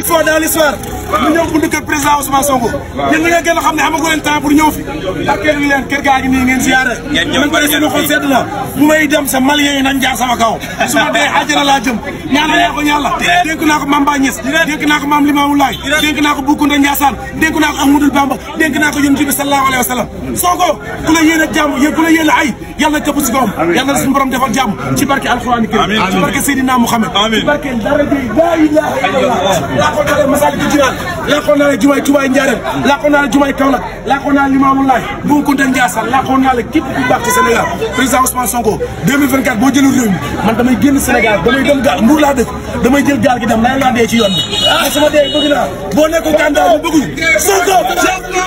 première fois dans l'histoire mu ñëw bundu kër président Ousmane Sonko ñun li nga gën a xam ne amagu leen temps pour ñëw fi ak kër gi leen kër gaa ngi nii ngeen siyaare man pare sama xol sedd na bu may dem sa malien yi nañ jaar sama kaw su ma dee àjjana laa jëm ñaan naa ko ñaan la dénk naa ko Mame Baye Niass dénk naa ko Mame Limamou Laye dénk naa ko Boukounda Ndiassane dénk naa ko Ahmadou Bamba dénk naa ko Yonent bi sallallahu alayhi wa sallam Sonko ku la yéene jàmm ku la yéene ay yàlla tëpp si kawam yàlla na suñu borom defal jàmm ci barke alxuraan kër ci barke Seydina Mouhamed ci barke dara ji la ilaha illallah laakoon naa leen naa leen jumaay Tuubaa Njaareem laakoon naa leen jumaay Kaolack laakoon naa leen Limaamu Laay Bou Kounta Ndiassane laakoon naa leen képp ku baax ci Sénégal président Ousmane Sonko 2024 boo jëlul réew mi man damay génn Sénégal damay dem gaal Mbuur laa dëkk damay jël gaal gi dem naa dee ci yoon bi ah, sama dee bëgg naa boo nekkoon candidat bu bëgguñu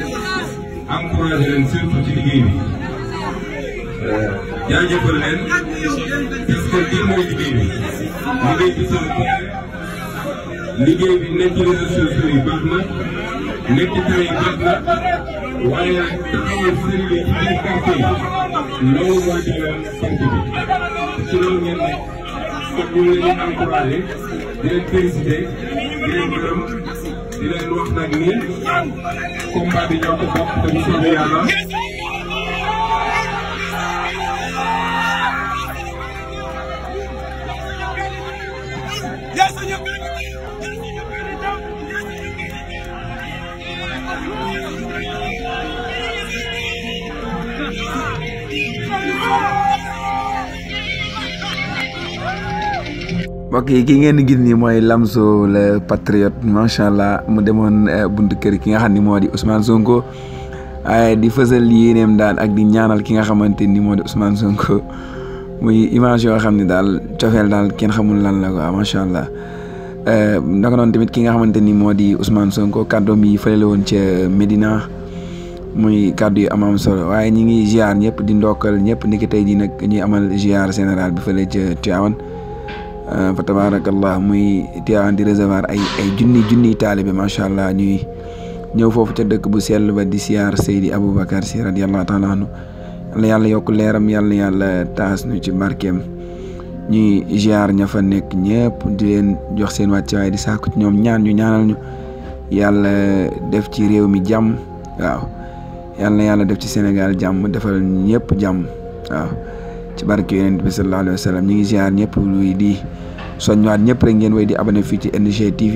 encouragé leen surtout ci liggéey bi eh, jaajëfal leen parce que lii mooy liggéey bi liggéey bi sama bopp liggéey bi nekk ci réseaux sociaux yi baax na nekk ci télé yi baax na waaye taxawal sëriñ bi ci biir quartier yi loolu mooy dooleel sant bi ci loolu ngeen ne kon ñu ngi leen di encouragé di leen félicité di leen gërëm di leen wax nag ni combat bi ñoo ko bokk te bu soobee yàlla. Yeah! mbokk yi ki ngeen gis nii mooy Lamzo le patriote macha allah mu demoon eh, buntu kër ki nga xam ni moo di Ousmane Sonko waaye eh, di fësal yéeneem daal ak di ñaanal ki nga xamante ni moo di Ousmane muy image yoo xam ne daal cofeel daal kenn xamul lan la quoi allah. Eh, naka noonu tamit ki nga xamante ni moo di Ousmane Sonko kàddoom yi fële woon ca Medina muy kàddu yu am am solo waaye ñi ngi ziar ñëpp di ndokkal ñëpp niki tey jii nag ñuy amal ziar général bi fële ca Tivaouane. Euh, fa tabaarakallah muy Tiwaawan di recevoir ay ay junni junniy taalibe macha allah ñuy ñëw foofu ca dëkk bu sell ba di siyaar Seydi Aboubacar si radiyallahu taala anhu yàlla yàlla yokk leeram yàlla yàlla taas nu ci markem ñuy ziar ña nekk ñëpp di leen jox seen wàccuwaay di sàkku ñoom ñaan ñu ñaanal ñu yàlla def ci réew mi jàmm waaw yàlla def ci Sénégal jàmm defal ñëpp jàmm waaw. ci barke yonent bi sallallahu alayhi wa ngi ziar ñëpp luy di soññaat ñëpp rek ngeen way di abonné fii ci NGTV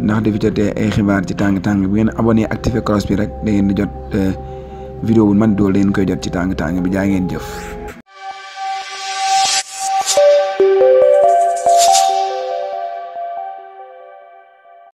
ndax di fi jotee ay xibaar ci tàng tàng bi ngeen abonné activé cloche bi rek da ngeen di jot eh, vidéo bu man dool da koy jot ci tàng tàng bi jaa ngeen jëf.